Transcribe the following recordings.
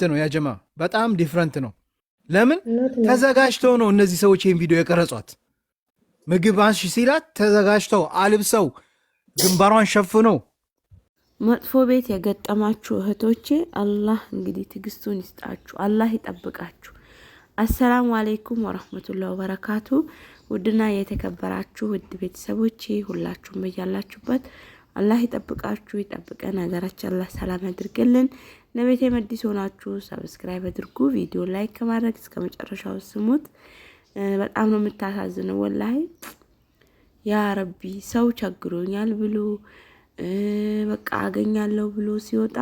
ዲፍረንት ነው ጀማ በጣም ዲፍረንት ነው። ለምን ተዘጋጅተው ነው እነዚህ ሰዎች ይህን ቪዲዮ የቀረጿት። ምግብ አንሺ ሲላት ተዘጋጅተው አልብሰው ግንባሯን ሸፍነው መጥፎ ቤት የገጠማችሁ እህቶቼ አላህ እንግዲህ ትግስቱን ይስጣችሁ፣ አላህ ይጠብቃችሁ። አሰላሙ አሌይኩም ወረህመቱላህ ወበረካቱ። ውድና የተከበራችሁ ውድ ቤተሰቦቼ ሁላችሁም በያላችሁበት አላህ ይጠብቃችሁ፣ ይጠብቀን። ሀገራችን አላህ ሰላም ያድርግልን። ለቤት የመዲስ ሆናችሁ ሰብስክራይብ አድርጉ። ቪዲዮ ላይክ ከማድረግ እስከ መጨረሻው ስሙት። በጣም ነው የምታሳዝነው ወላሂ። ያ ረቢ ሰው ቸግሮኛል ብሎ በቃ አገኛለሁ ብሎ ሲወጣ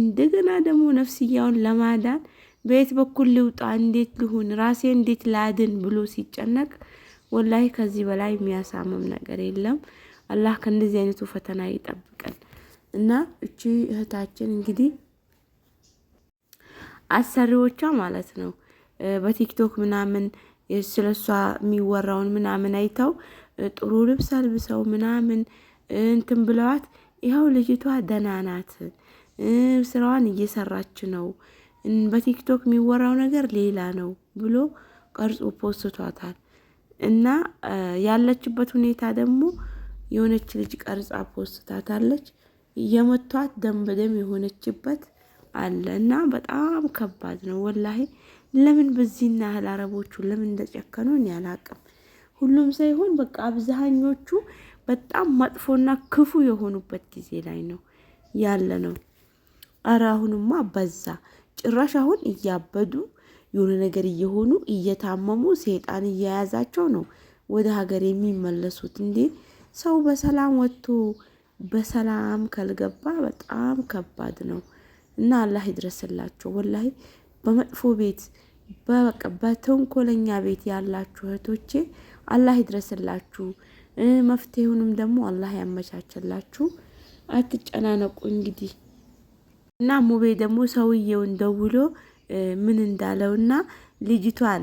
እንደገና ደግሞ ነፍስያውን ለማዳን በየት በኩል ልውጣ፣ እንዴት ልሁን፣ ራሴ እንዴት ላድን ብሎ ሲጨነቅ ወላሂ ከዚህ በላይ የሚያሳምም ነገር የለም። አላህ ከእንደዚህ አይነቱ ፈተና ይጠብቀን እና እቺ እህታችን እንግዲህ አሰሪዎቿ ማለት ነው በቲክቶክ ምናምን ስለሷ የሚወራውን ምናምን አይተው ጥሩ ልብስ አልብሰው ምናምን እንትን ብለዋት፣ ይኸው ልጅቷ ደህና ናት፣ ስራዋን እየሰራች ነው፣ በቲክቶክ የሚወራው ነገር ሌላ ነው ብሎ ቀርጾ ፖስቷታል። እና ያለችበት ሁኔታ ደግሞ የሆነች ልጅ ቀርጻ ፖስታታለች። የመቷት ደም በደም የሆነችበት አለ እና በጣም ከባድ ነው ወላሂ። ለምን በዚህና ያህል አረቦቹ ለምን እንደጨከኑ እኔ አላቅም። ሁሉም ሳይሆን በቃ አብዛኞቹ በጣም መጥፎና ክፉ የሆኑበት ጊዜ ላይ ነው ያለ ነው። አረ አሁንማ በዛ ጭራሽ አሁን እያበዱ የሆነ ነገር እየሆኑ እየታመሙ ሴጣን እየያዛቸው ነው ወደ ሀገር የሚመለሱት እንዴ ሰው በሰላም ወጥቶ በሰላም ካልገባ በጣም ከባድ ነው እና አላህ ይድረስላችሁ። ወላሂ በመጥፎ ቤት በተንኮለኛ ቤት ያላችሁ እህቶቼ አላህ ይድረስላችሁ። መፍትሄውንም ደግሞ አላህ ያመቻችላችሁ። አትጨናነቁ። እንግዲህ እና ሙቤ ደግሞ ሰውየውን ደውሎ ምን እንዳለውና ልጅቷን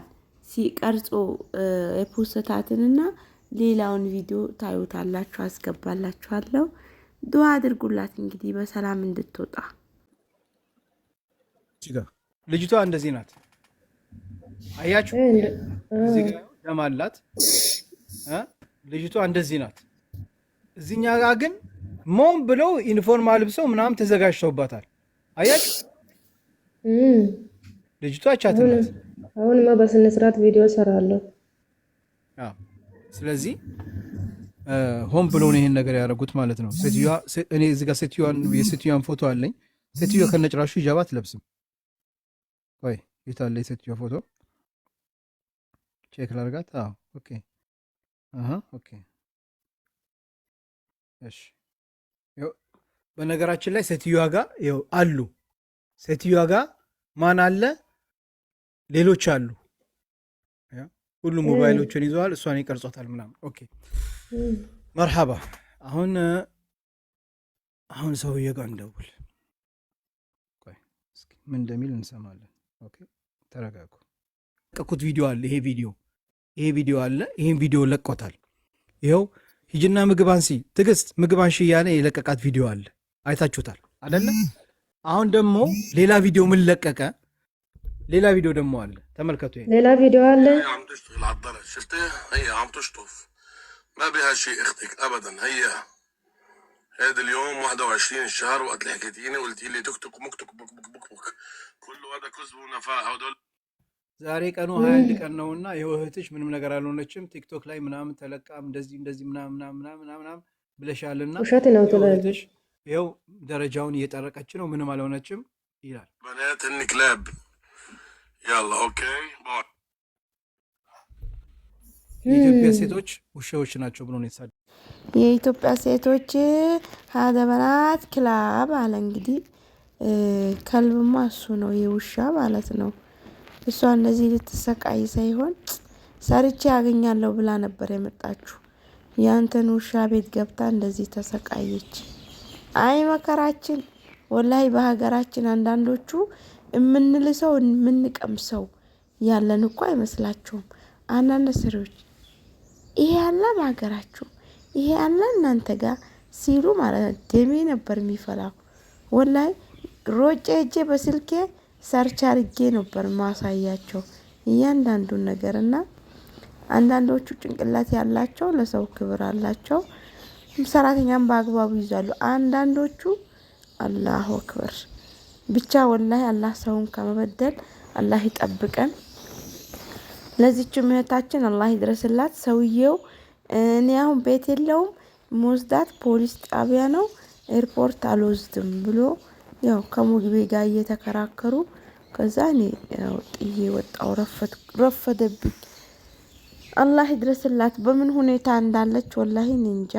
ሲቀርጾ የፖሰታትንና ሌላውን ቪዲዮ ታዩታላችሁ፣ አስገባላችኋለሁ። ዱዓ አድርጉላት እንግዲህ በሰላም እንድትወጣ። ልጅቷ እንደዚህ ናት፣ አያችሁ፣ ደም አላት ልጅቷ እንደዚህ ናት። እዚኛ ጋ ግን ሞም ብለው ዩኒፎርም አልብሰው ምናምን ተዘጋጅተውባታል። አያችሁ ልጅቷ ቻት ናት። አሁንማ በስነስርዓት ቪዲዮ ሰራለሁ። ስለዚህ ሆን ብሎ ነው ይሄን ነገር ያደረጉት ማለት ነው። እኔ እዚጋ ሴትዮዋን የሴትዮዋን ፎቶ አለኝ። ሴትዮዋ ከነጭራሹ ሂጃብ አትለብስም። ቆይ የት አለ ፎቶ? ቼክ ላርጋት። ኦኬ፣ ኦኬ፣ እሺ። በነገራችን ላይ ሴትዮዋ ጋር ይኸው አሉ። ሴትዮዋ ጋር ማን አለ? ሌሎች አሉ ሁሉም ሞባይሎችን ይዘዋል። እሷን ይቀርጾታል ምናምን። ኦኬ መርሓባ። አሁን አሁን ሰውዬ ጋር እንደውል ምን እንደሚል እንሰማለን። ተረጋጉ። ለቀኩት ቪዲዮ አለ። ይሄ ቪዲዮ ይሄ ቪዲዮ አለ። ይሄን ቪዲዮ ለቆታል። ይኸው ሂጅና ምግብ አንሲ ትግስት ምግብ አንሺ እያለ የለቀቃት ቪዲዮ አለ። አይታችሁታል አደለም አሁን ደግሞ ሌላ ቪዲዮ ምን ለቀቀ? ሌላ ቪዲዮ ደግሞ አለ፣ ተመልከቱ። ሌላ ቪዲዮ አለ። عم تشتغل على الضرر شفتها هي عم تشطف ما بها شيء اختك ابدا هي هذا اليوم 21 الشهر وقت اللي حكيتيني قلتي لي تكتك مكتك بك بك بك بك كله هذا كذب ونفاق هدول ዛሬ ቀኑ ሀያ አንድ ቀን ነውና ይኸው እህትሽ ምንም ነገር አልሆነችም። ቲክቶክ ላይ ምናምን ተለቃም እንደዚህ እንደዚህ ምናምን ምናምን ምናምን ብለሻልና ውሸት ነው ትላለሽ። ይኸው ደረጃውን እየጠረቀች ነው፣ ምንም አልሆነችም ይላል በናት እንክላብ ያላ ኦኬ። የኢትዮጵያ ሴቶች ውሻዎች ናቸው ብሎ ነው የተሳደ የኢትዮጵያ ሴቶች ሀደበራት ክላብ አለ እንግዲህ ከልብማ እሱ ነው የውሻ ማለት ነው። እሷ እንደዚህ ልትሰቃይ ሳይሆን ሰርቼ ያገኛለሁ ብላ ነበር የመጣችሁ። ያንተን ውሻ ቤት ገብታ እንደዚህ ተሰቃየች። አይ መከራችን ወላይ በሀገራችን አንዳንዶቹ የምንልሰው የምንቀምሰው ያለን እኮ አይመስላችሁም። አንዳንድ ስሪዎች ይሄ ያለ በሀገራችሁ ይሄ ያለ እናንተ ጋር ሲሉ ማለት ደሜ ነበር የሚፈላው ወላይ ሮጬ እጄ በስልኬ ሰርች አርጌ ነበር ማሳያቸው እያንዳንዱን ነገር እና አንዳንዶቹ ጭንቅላት ያላቸው ለሰው ክብር አላቸው፣ ሰራተኛም በአግባቡ ይዛሉ። አንዳንዶቹ አላሁ አክበር ብቻ ወላሂ አላህ ሰውን ከመበደል አላህ ይጠብቀን። ለዚች እህታችን አላህ ይድረስላት። ሰውየው እኔ አሁን ቤት የለውም መወስዳት ፖሊስ ጣቢያ ነው ኤርፖርት አልወስድም ብሎ ያው ከሙግቤ ጋር እየተከራከሩ ከዛ እኔ ያው ጥዬ ወጣው ረፈደብኝ። አላህ ይድረስላት። በምን ሁኔታ እንዳለች ወላሂ እንጃ።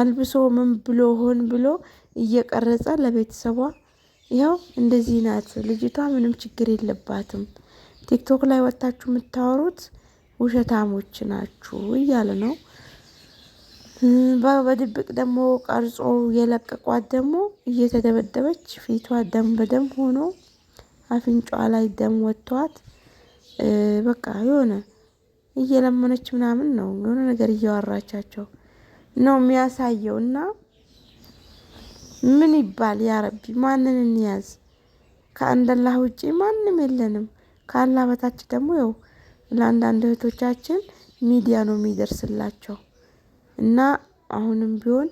አልብሶ ምን ብሎ ሆን ብሎ እየቀረጸ ለቤተሰቧ ይኸው እንደዚህ ናት ልጅቷ። ምንም ችግር የለባትም። ቲክቶክ ላይ ወጥታችሁ የምታወሩት ውሸታሞች ናችሁ እያለ ነው። በድብቅ ደግሞ ቀርጾ የለቀቋት ደግሞ እየተደበደበች ፊቷ ደም በደም ሆኖ አፍንጫ ላይ ደም ወጥቷት በቃ የሆነ እየለመነች ምናምን ነው የሆነ ነገር እያወራቻቸው ነው የሚያሳየው እና ምን ይባል ያ ረቢ? ማንን እንያዝ? ከአንደላህ ውጪ ማንም የለንም። ከአላህ በታች ደግሞ ያው ለአንዳንድ እህቶቻችን ሚዲያ ነው የሚደርስላቸው እና አሁንም ቢሆን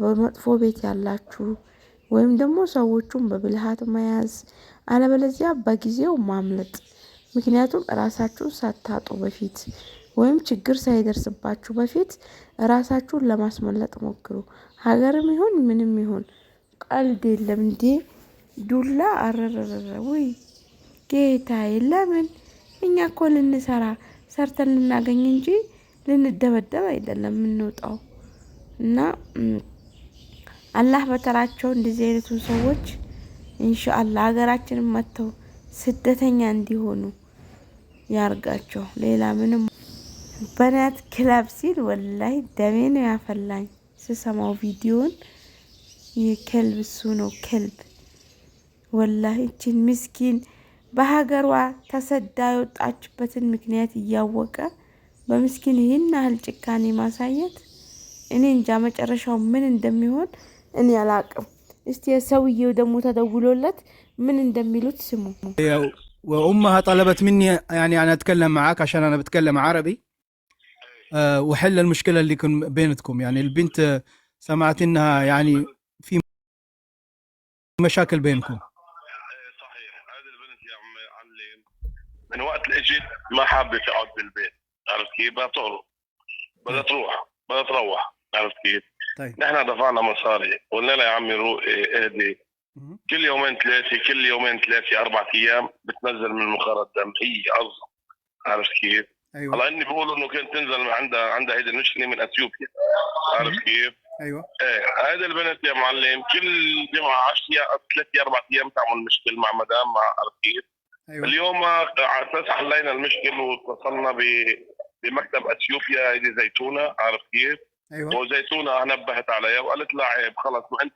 በመጥፎ ቤት ያላችሁ ወይም ደግሞ ሰዎቹን በብልሃት መያዝ አለበለዚያ በጊዜው ማምለጥ ምክንያቱም ራሳችሁን ሳታጡ በፊት ወይም ችግር ሳይደርስባችሁ በፊት ራሳችሁን ለማስመለጥ ሞክሩ። ሀገርም ይሁን ምንም ይሁን ቀልድ የለም እንዴ! ዱላ አረረረረ ውይ ጌታዬ! ለምን እኛ እኮ ልንሰራ ሰርተን ልናገኝ እንጂ ልንደበደብ አይደለም የምንወጣው። እና አላህ በተራቸው እንደዚህ አይነቱን ሰዎች እንሻአላ ሀገራችንን መጥተው ስደተኛ እንዲሆኑ ያርጋቸው። ሌላ ምንም በናት ክለብ ሲል ወላይ ደሜ ነው ያፈላኝ ስሰማው ቪዲዮን። የከልብ እሱ ነው ከልብ ወላይ እችን ምስኪን በሀገሯ ተሰዳ የወጣችበትን ምክንያት እያወቀ በምስኪን ይህን ያህል ጭካኔ ማሳየት እኔ እንጃ መጨረሻው ምን እንደሚሆን እኔ አላቅም። እስቲ ሰውዬው ደግሞ ተደውሎለት ምን እንደሚሉት ስሙ። وامها ጠለበት ምን يعني انا اتكلم معاك عشان انا آه، وحل المشكله اللي كن بينتكم يعني البنت سمعت انها يعني في مشاكل بينكم صحيح هذه البنت يا عمي علي من وقت اجت ما حابه تقعد بالبيت عرفت كيف؟ بدها تهرب بدها طيب. تروح بدها تروح عرفت كيف؟ طيب نحن دفعنا مصاري قلنا لها يا عمي روقي اهدي كل يومين ثلاثه كل يومين ثلاثه اربع ايام بتنزل من المخرج دم هي عظم عرفت كيف؟ ايوه على ان بيقولوا انه كانت تنزل عندها عندها هيدا المشكله من اثيوبيا عارف كيف؟ ايوه ايه هذا البنت يا معلم كل جمعه 10 ثلاث اربع ايام تعمل مشكل مع مدام مع عارف كيف؟ أيوة. اليوم على اساس حلينا المشكله واتصلنا ب بمكتب اثيوبيا هيدي زيتونه عارف كيف؟ ايوه وزيتونه نبهت عليها وقالت لها عيب خلص ما انت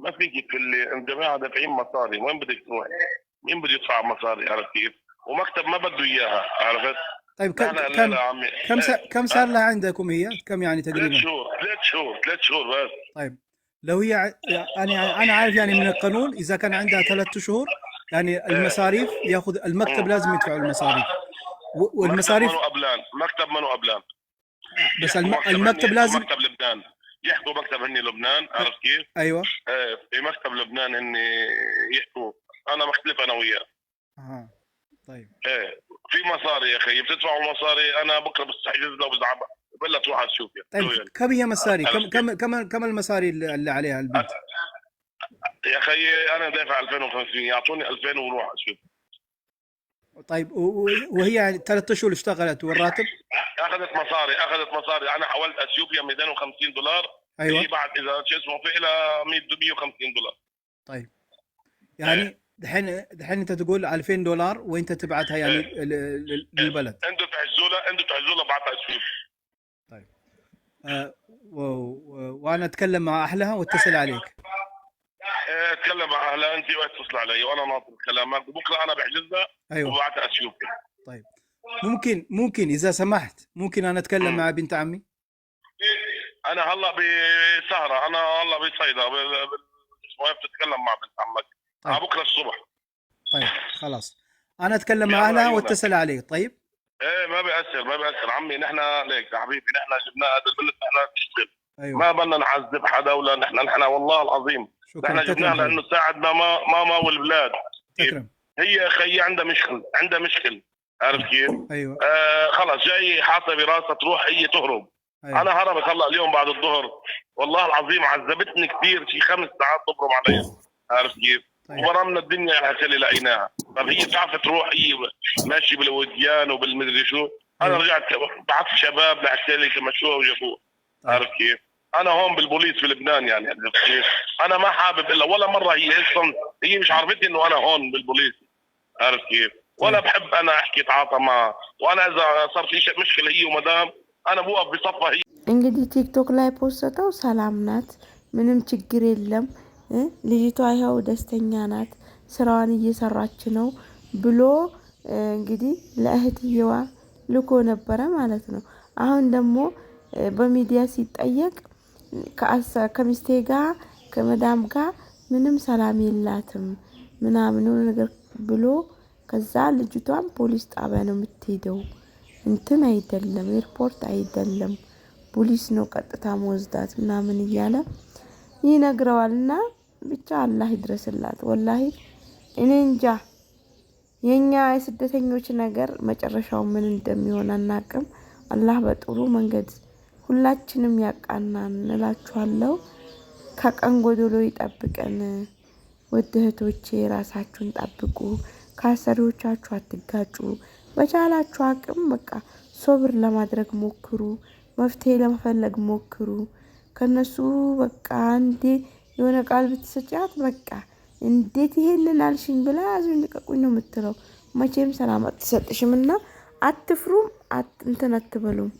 ما فيك انت الجماعه دافعين مصاري وين بدك تروحي؟ مين بده يدفع مصاري عرفت كيف؟ ومكتب ما بده اياها عرفت؟ طيب كم لا كم لا كم كم صار لها عندكم هي؟ كم يعني تقريبا؟ ثلاث شهور ثلاث شهور ثلاث شهور بس طيب لو هي يعني انا انا عارف يعني من القانون اذا كان عندها ثلاث شهور يعني إيه. المصاريف ياخذ المكتب لازم يدفع المصاريف والمصاريف مكتب منو قبلان مكتب منو قبلان بس المكتب لازم مكتب لبنان يحكوا مكتب هني لبنان عرفت كيف؟ ايوه إيه، في مكتب لبنان هني يحكوا انا مختلف انا وياه اها طيب ايه في مصاري يا اخي بتدفعوا المصاري انا بكره بستحجز لها وبزعبها بلا تروح تشوف يعني. طيب يعني؟ كم هي مصاري؟ كم كم كم كم المصاري اللي عليها البنت؟ يا اخي انا دافع 2500 يعطوني 2000 وروح اشوف طيب وهي ثلاث يعني اشهر اشتغلت والراتب؟ اخذت مصاري اخذت مصاري انا حولت اثيوبيا 250 دولار ايوه بعد اذا شو اسمه في لها 150 دولار طيب يعني أيوة. دحين دحين انت تقول 2000 دولار وانت تبعتها يعني إيه. إيه. للبلد اندفع تعزولة اندفع تعزولة بعتها سويف طيب آه،, آه وانا اتكلم مع اهلها واتصل عليك إيه، اتكلم مع اهلها انت واتصل علي وانا ناطر كلامك بكره انا بحجزها ايوه وبعتها اثيوبيا طيب ممكن ممكن اذا سمحت ممكن انا اتكلم مع بنت عمي انا هلا بسهره انا هلا بصيدا بتتكلم مع بنت عمك طيب. بكره الصبح طيب خلاص انا اتكلم مع اهلها واتصل علي طيب ايه ما بيأثر ما بيأثر عمي نحن ليك يا حبيبي نحن جبنا هذا البلد نحن تشتغل أيوة. ما بدنا نعذب حدا ولا نحن نحن والله العظيم نحن جبناها لانه ساعدنا ما ماما والبلاد تكرم. هي اخي عندها مشكل عندها مشكل عارف كيف؟ ايوه آه خلص جاي حاطه براسها تروح هي تهرب أيوة. انا هربت هلا اليوم بعد الظهر والله العظيم عذبتني كثير شي خمس ساعات تضرب علي عارف كيف؟ طيب. وبرامنا الدنيا حتى اللي لقيناها طب هي بتعرف تروح هي ماشي بالوديان وبالمدري شو انا طيب. رجعت بعثت شباب لحتى لي وجابوها وجابوه طيب. عارف كيف؟ انا هون بالبوليس في لبنان يعني انا ما حابب الا ولا مره هي اصلا هي مش عرفتني انه انا هون بالبوليس عارف كيف؟ ولا بحب انا احكي اتعاطى معها وانا اذا صار في مشكله هي ومدام انا بوقف بصفها هي انجدي تيك توك لاي ሰላም ናት፣ من ችግር የለም ልጅቷ ይኸው ደስተኛ ናት፣ ስራዋን እየሰራች ነው ብሎ እንግዲህ ለእህትየዋ ልኮ ነበረ ማለት ነው። አሁን ደግሞ በሚዲያ ሲጠየቅ ከሚስቴ ጋር ከመዳም ጋር ምንም ሰላም የላትም ምናምን ነገር ብሎ ከዛ ልጅቷን ፖሊስ ጣቢያ ነው የምትሄደው። እንትን አይደለም ኤርፖርት አይደለም ፖሊስ ነው ቀጥታ መወዝዳት ምናምን እያለ ይነግረዋልና ብቻ አላህ ይድረስላት። ወላሂ እኔ እንጃ የኛ የስደተኞች ነገር መጨረሻው ምን እንደሚሆን አናቅም። አላህ በጥሩ መንገድ ሁላችንም ያቃና እንላችኋለሁ። ከቀን ጎዶሎ ይጠብቀን። ውድ እህቶቼ ራሳችሁን ጠብቁ፣ ከአሰሪዎቻችሁ አትጋጩ። በቻላችሁ አቅም በቃ ሶብር ለማድረግ ሞክሩ፣ መፍትሄ ለመፈለግ ሞክሩ። ከነሱ በቃ አንዴ የሆነ ቃል ብትሰጫት በቃ እንዴት ይሄን ላልሽኝ ብላ ያዙኝ ልቀቁኝ ነው የምትለው። መቼም ሰላም አትሰጥሽም እና አትፍሩም፣ እንትን አትበሉም።